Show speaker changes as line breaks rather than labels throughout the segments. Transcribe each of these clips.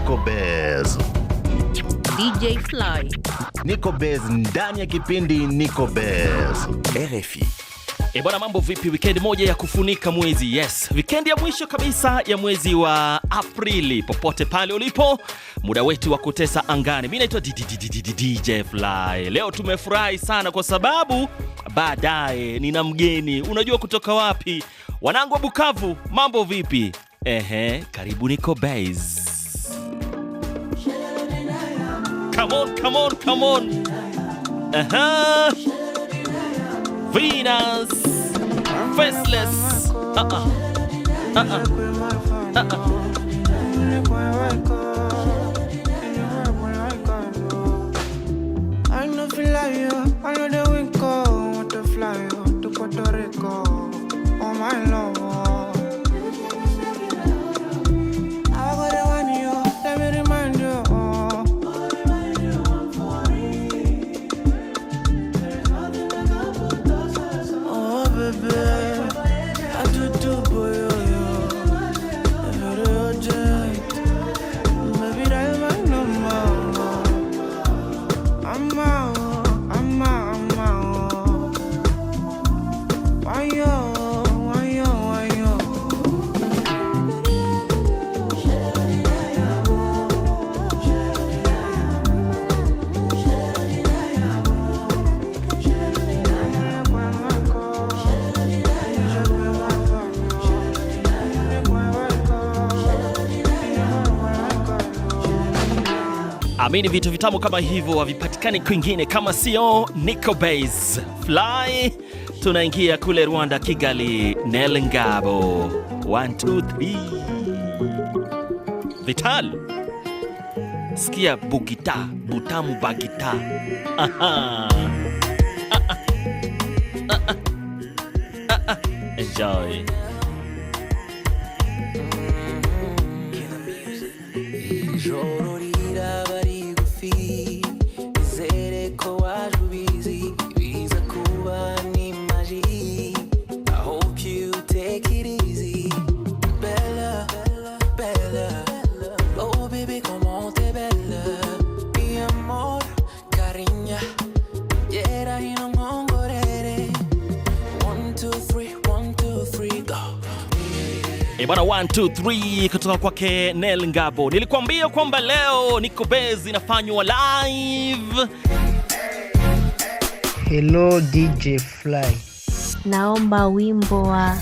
Nico Bez.
DJ Fly.
Nico Bez ndani ya kipindi Nico Bez. RFI. E bwana, mambo vipi? Weekend moja ya kufunika mwezi, yes, wikendi ya mwisho kabisa ya mwezi wa Aprili. Popote pale ulipo, muda wetu wa kutesa angani. Mimi naitwa DJ Fly. Leo tumefurahi sana kwa sababu baadaye nina mgeni. Unajua kutoka wapi? Wanangu wa Bukavu, mambo vipi? Ehe, karibu Nico Bez. Come on, come on, come on. Uh-huh. Venus. Faceless. Uh-uh. Uh-uh. Uh-uh. I know feel like you Naamini vitu vitamu kama hivyo havipatikani kwingine kama sio Nico Base Fly. Tunaingia kule Rwanda, Kigali. nelngabo 123 Vital, sikia bugita butamu bagita. Enjoy. Enjoy. bwana 123 kutoka kwake Nel Ngabo. Nilikwambia kwamba leo niko bezi inafanywa live.
Hello DJ Fly,
naomba wimbo wa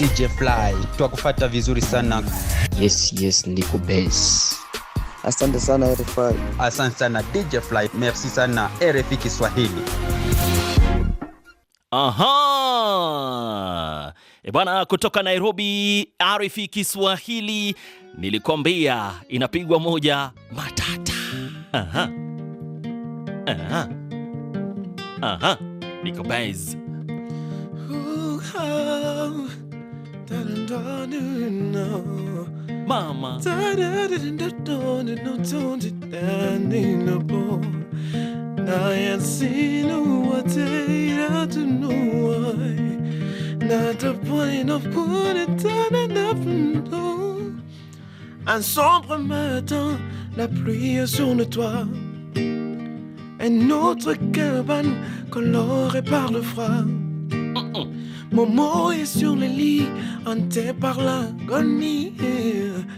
DJ Fly. Twakufata vizuri sana.
Yes, yes, niko bezi.
Asante sana RFI. Asante sana
DJ Fly. Merci sana RFI Kiswahili.
Aha! E bwana, kutoka Nairobi, RFI Kiswahili, nilikwambia inapigwa moja matata. Aha. Aha. Aha. Niko base. Mama.
I had seen what I had to know why. point Un sombre matin, la pluie sur le toit. Un autre cabane colorée par le froid. Momo est sur le lit, hanté par la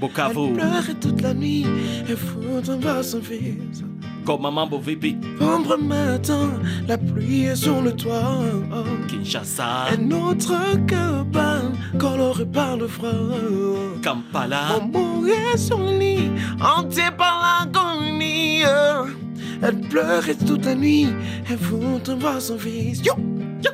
Bocavo. Elle pleure toute la nuit et fout en bas son fils
comme Maman mambo bébé. Ombre matin,
la pluie est sur le toit.
Kinshasa, un autre
cabane coloré par le froid.
Kampala, on mourait sur le lit,
hanté par l'agonie. Elle pleurait toute la nuit, elle voulait voir son fils. Yo, yo.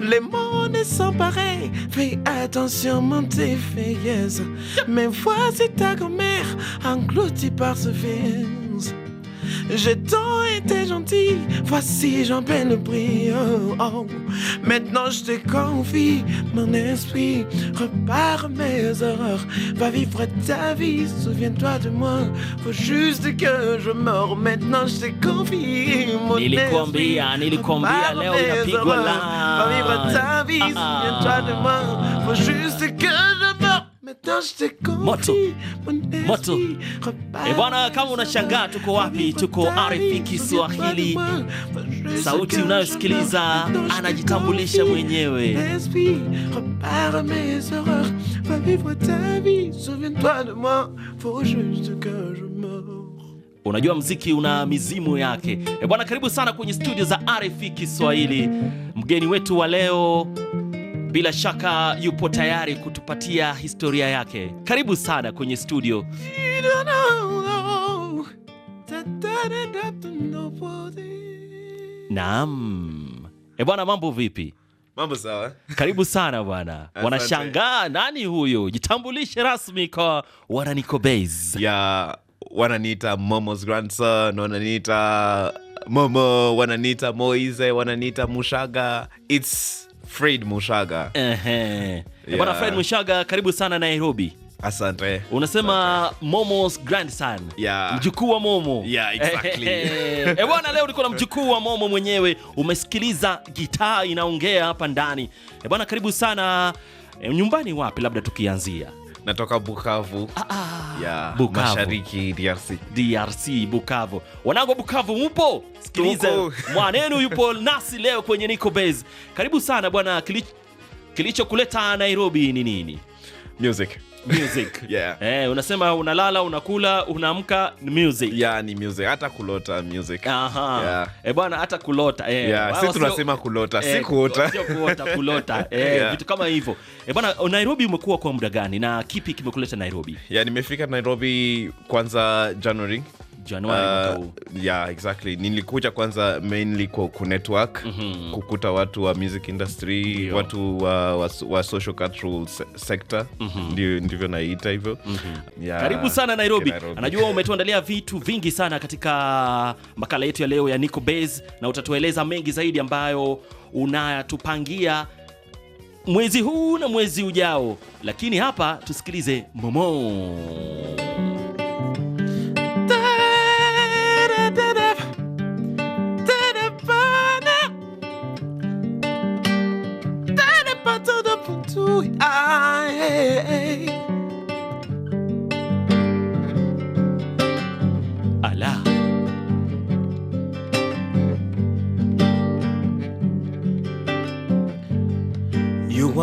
Les monnaies sont pareils. fais attention, mon défaillesse Mais voici ta grand-mère engloutie par ce fils. J'ai tant été gentil, voici j'en peine le prix. Oh, oh. Maintenant je te confie, mon esprit repars mes horreurs. Va vivre ta vie, souviens-toi de moi. Faut juste que je meurs. Maintenant je te confie, mon esprit
ah, ah, Va vivre
ah. ta vie, souviens-toi de moi. Faut juste que je moto
ebwana eh, kama unashangaa tuko wapi, tuko arifi Kiswahili. Sauti unayosikiliza anajitambulisha mwenyewe. Unajua mziki una mizimu yake. ebwana eh, karibu sana kwenye studio za arifi Kiswahili. Mgeni wetu wa leo bila shaka yupo tayari kutupatia historia yake. Karibu sana kwenye studio. Naam, e bwana, mambo vipi?
Mambo sawa. Karibu
sana bwana.
Wanashangaa
nani huyu Jitambulishe rasmi kwa Wananiko Base. Yeah,
wananiita Momo's grandson, wananiita Momo, wananiita Moise, wananiita Mushaga. It's Fred Mushaga. Yeah.
bana Fred Mushaga, karibu sana Nairobi. Asante.
Unasema
Asante. Momo's grandson. Yeah.
Mjukuu wa Momo.
Yeah, exactly.
Eh bwana, leo ulikuwa
na mjukuu wa Momo mwenyewe. Umesikiliza gitaa inaongea hapa ndani. Eh bwana, karibu sana. Eh, nyumbani wapi labda tukianzia? natoka Bukavu
ah, ah, ya Bukavu. Mashariki DRC. DRC Bukavu,
wanango Bukavu, mupo sikiliza, mwanenu yupo nasi leo kwenye Niko Base. Karibu sana bwana. Kilichokuleta Nairobi ni nini? music
music
yeah. Eh, unasema
unalala unakula
unaamka music. Yeah, ni music
hata kulota music. Aha. Yeah.
Eh, bwana hata kulota eh. Yeah,
tunasema kulota eh, si kuota. Sio kuota,
kulota. Eh, yeah. Vitu kama hivyo. Eh, bwana Nairobi umekuwa kwa muda gani na kipi kimekuleta Nairobi? Yeah, nimefika
Nairobi kwanza January Januari. Uh, Nilikuja kwanza mainly kwa ku network mm -hmm. kukuta watu wa music industry Dio. watu wa, wa, wa social cultural se sector mm -hmm. ndivyo, naiita hivyo mm -hmm. yeah. Karibu
sana Nairobi. Nairobi. Anajua umetuandalia vitu vingi sana katika makala yetu ya leo ya nico bas na utatueleza mengi zaidi ambayo unatupangia mwezi huu na mwezi ujao, lakini hapa tusikilize Momo.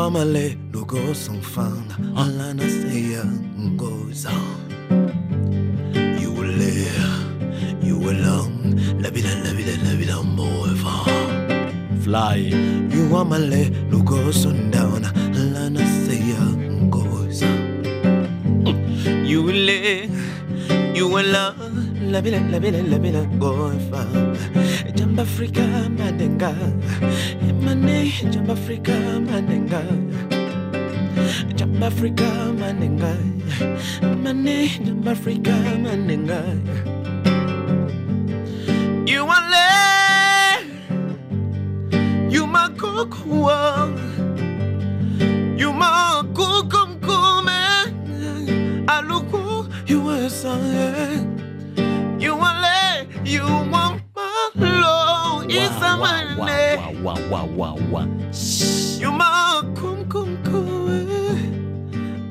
Amale lugo songfang alana seya ngoza. You will live, you will long, la vida la vida la vida forever. Fly, you are my le, amale lugo sundown alana seya ngoza. You will live, you will long, la vida la vida la vida forever. Jamba Africa madenga mane, jump Africa manenga. Jump Africa manenga. Mane, jump Africa manenga. You are le, you my kokua, you my kukum kume, aluku you were sang. You are le, you.
wa wa wa wa
nyuma kumkumkuwe eh.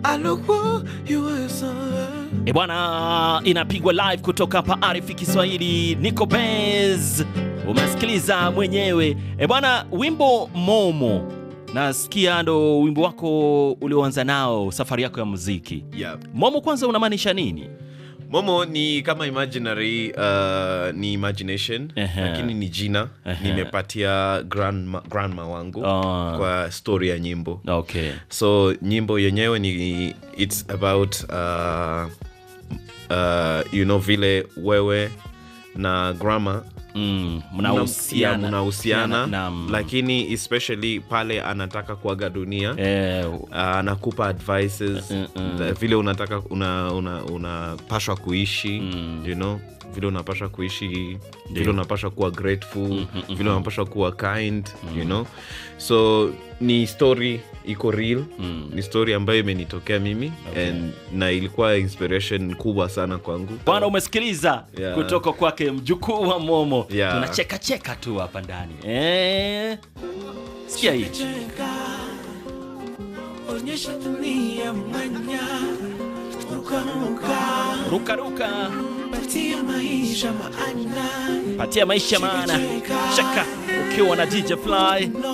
alokuwa yuweza eh.
E bwana, inapigwa live kutoka hapa Arifi Kiswahili. Niko Bez, umesikiliza mwenyewe. E bwana, wimbo Momo nasikia ndo wimbo wako ulioanza nao safari yako ya muziki yep. Momo kwanza unamaanisha nini?
Momo ni kama imaginary, uh, ni imagination -huh. lakini ni jina nimepatia grandma, grandma wangu oh. kwa story ya nyimbo okay. so nyimbo yenyewe ni it's about uh, uh, you know vile wewe na grama mm,
mnahusiana
lakini especially pale anataka kuaga dunia yeah. Eh. anakupa advices mm uh, vile unataka unapashwa una, una kuishi mm. you know vile unapasha kuishi yeah. vile unapasha kuwa grateful mm -hmm, vile mm. unapasha kuwa kind mm -hmm. you know so ni story iko real mm. ni story ambayo imenitokea mimi okay. and, na ilikuwa inspiration kubwa sana kwangu bwana umesikiliza
yeah. kutoka kwake mjukuu wa momo yeah. cheka tu hapa ndani eh? sikia hii onyesha dunia rukaruka patia maisha maana patia maisha maana cheka ukiwa na DJ Fly no.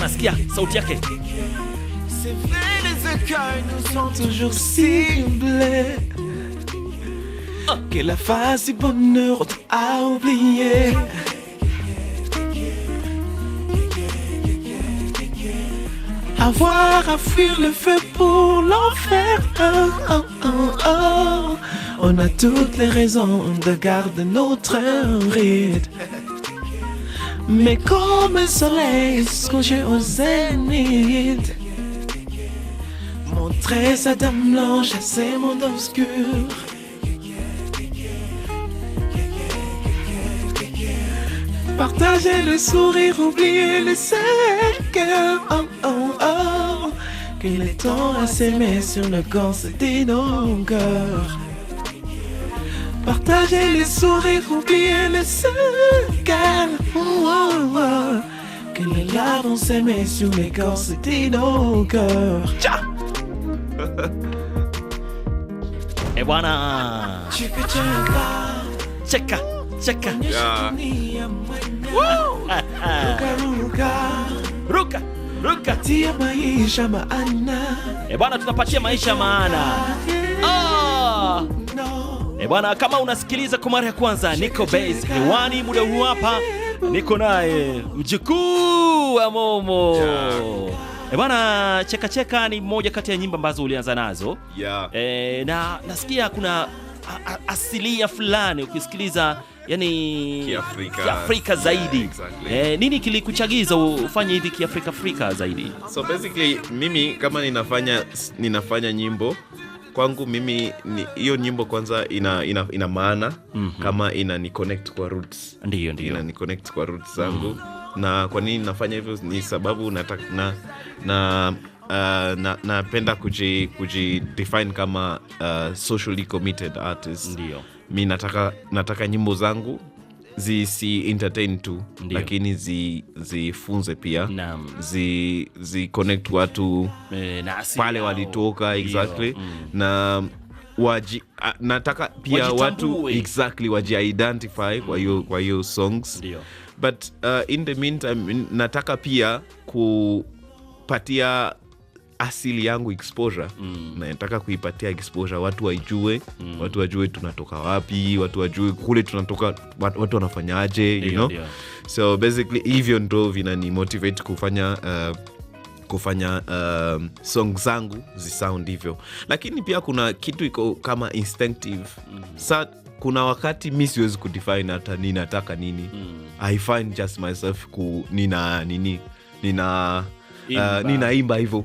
les
nous sont toujours ciblés Que la face du bonheur a oublié. Avoir à fuir le feu pour l'enfer. Oh, oh, oh, On a toutes les raisons de garder notre rythme. Mais comme un soleil songé au zénith Montrer sa dame blanche à ses mondes obscurs Partager le sourire, oublier le cercle oh, oh, oh, Qu'il est temps à s'aimer sur le corps, c'était nos cœurs Partagez les sourires, oublier les secrets. Oh, oh, oh. Que les larmes s'aimaient sur les corps, c'était nos cœurs. Ciao!
Et voilà! Cheka, cheka. Yeah. Woo!
Ruka, ruka. Ruka. pas bwana, tunapatia
maisha maana. E bwana, kama unasikiliza kwa mara ya kwanza, niko base hewani muda huu hapa, niko naye mjukuu wa Momo E bwana, cheka cheka ni moja kati ya nyimbo ambazo ulianza nazo
yeah. E, na
nasikia kuna asilia fulani ukisikiliza, yani
Kiafrika, Kiafrika
zaidi yeah, exactly.
E, nini kilikuchagiza
ufanye hivi Kiafrika Afrika zaidi? So basically
mimi kama ninafanya ninafanya nyimbo kwangu mimi hiyo nyimbo kwanza ina, ina, ina maana mm-hmm. kama ina ni kwa roots
ndiyo, ndio ina ni
kwa roots zangu mm-hmm. na kwa nini nafanya hivyo ni sababu nataka na, na Uh, na napenda kuji, kuji define kama uh, socially committed artist. Ndio.
Mi nataka,
nataka nyimbo zangu zisi entertain tu Ndiyo. lakini zifunze zi pia
zi,
zi watu e,
pale walitoka
exactly mm. na waji, a, nataka pia watu exactly wajiidentify mm. kwa hiyo kwa hiyo songs Ndiyo.
but uh, in
the meantime nataka pia kupatia asili yangu exposure
mm. nataka
kuipatia exposure watu waijue mm. watu wajue tunatoka wapi watu wajue kule tunatoka watu wanafanyaje you know? yeah.
so basically
hivyo ndo vinanimotivate kufanya uh, kufanya um, song zangu zisound hivyo lakini pia kuna kitu iko kama instinctive mm. sa kuna wakati mi siwezi kudefine hata ni nataka nini mm. i find just myself ku nina nini nina uh, ninaimba hivyo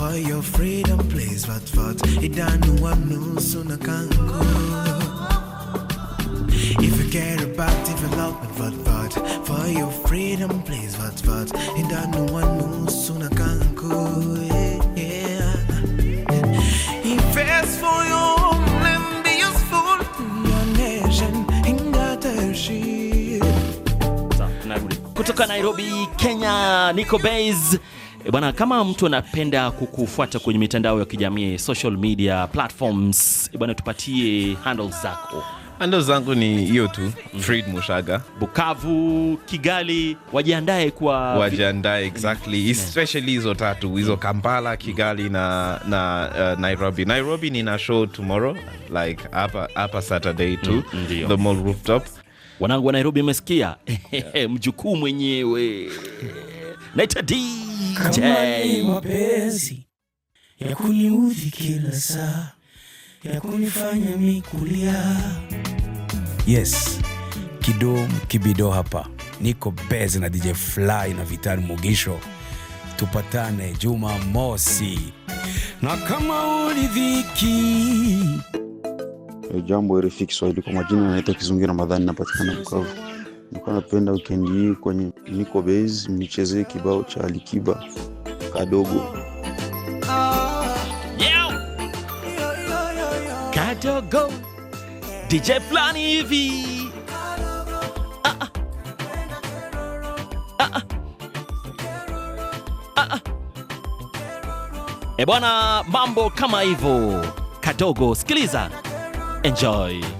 For your freedom, please, what, what? It done no one knows, so I can't go. If you care about development, what, what? For your freedom, please, what, what? It done no one knows, so I can't go. Yeah, Invest for your homeland, be useful to your nation, in that Kutoka Nairobi, Kenya, Nico Bays E bwana, kama mtu anapenda kukufuata kwenye mitandao ya kijamii social media platforms, e bwana, tupatie handles zako. Handles zangu
ni hiyo tu, mm. Fred Mushaga. Bukavu,
Kigali, wajiandae kwa wajiandae, exactly
mm. especially hizo tatu hizo, Kampala, Kigali na na uh, Nairobi. Nairobi nina show tomorrow like hapa hapa Saturday tu mm, the mall rooftop. Wanangu wa Nairobi,
mmesikia? yeah. mjukuu mwenyewe naita D
kama mapenzi ya kuniudhi kila saa ya kunifanya mikulia.
Yes, Kido Kibido hapa niko bezi na DJ Fly na Vitali Mugisho, tupatane Juma Mosi na kama ulidhiki.
Jambo RFI Kiswahili, kwa majina naitwa Kizungi Ramadhani, napatikana Bukavu. Nilikuwa napenda weekend hii kwenye niko base nichezee kibao cha Alikiba kadogo
kadogo DJ flani hivi ah, ah. ah, Ebwana, eh, mambo kama hivyo kadogo, sikiliza, enjoy.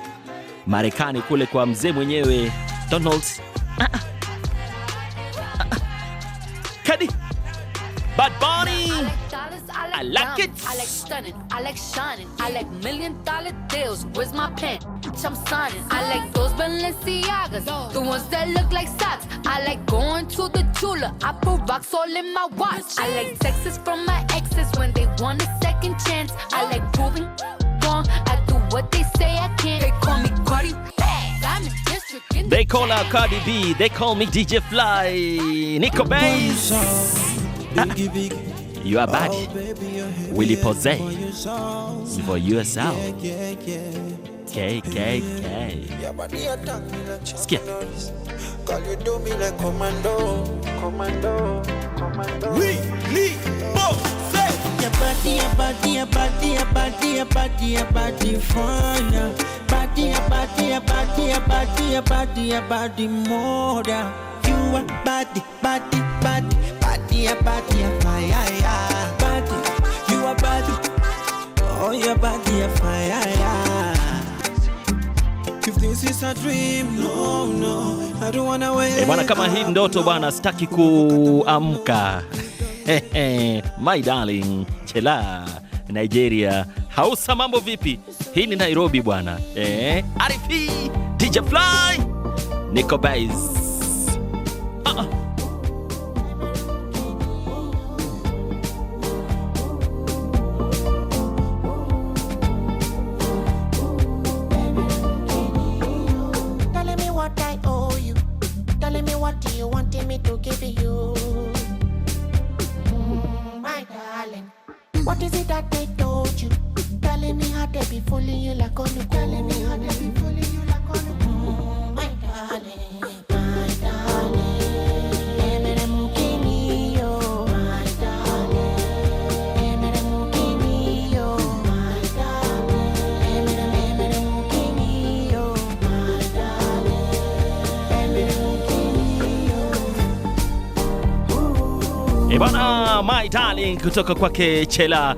Marekani kule kwa mzee mwenyewe Donald. Ah, Kadi Bad Bunny I like it. I like stunning. I like shining. I like million dollar deals. Where's my pen? Which I'm signing. I like those Balenciagas, the ones that look like socks. I like going to the Tula. I put rocks all in my watch. I like texts from my exes when they want a second chance. I like proving wrong. I what they say I can't. They call me Cardi the They call out Cardi B. They call me DJ Fly. Nico Bass. Ah. You are bad. Willy Willie For yourself. KKK. Skia. Call you do me like commando. Commando. Commando. We, need both. Bwana, kama hii ndoto bwana, sitaki kuamka my darling chela Nigeria. Hausa, mambo vipi? Hii ni Nairobi bwana, eh, Arifi DJ Fly Nico Bass my darling kutoka kwake Chela.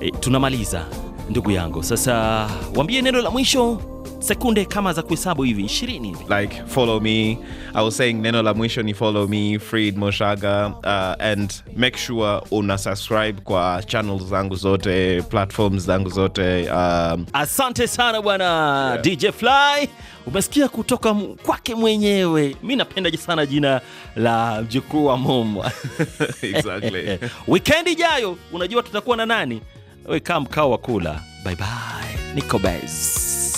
E, tunamaliza ndugu yangu, sasa waambie neno la mwisho sekunde kama za kuhesabu hivi 20 hivi. Like follow me.
I was saying neno la mwisho ni follow me Fred Moshaga uh, and make sure una subscribe kwa channels zangu zote, platforms zangu zote. Um,
asante sana bwana yeah. DJ Fly umesikia kutoka kwake mwenyewe. Mi napenda sana jina la mjukuu wa momwa
exactly. Wikendi ijayo
unajua tutakuwa na nani? Wewe kaa mkao wa kula. Bye bye. Bez.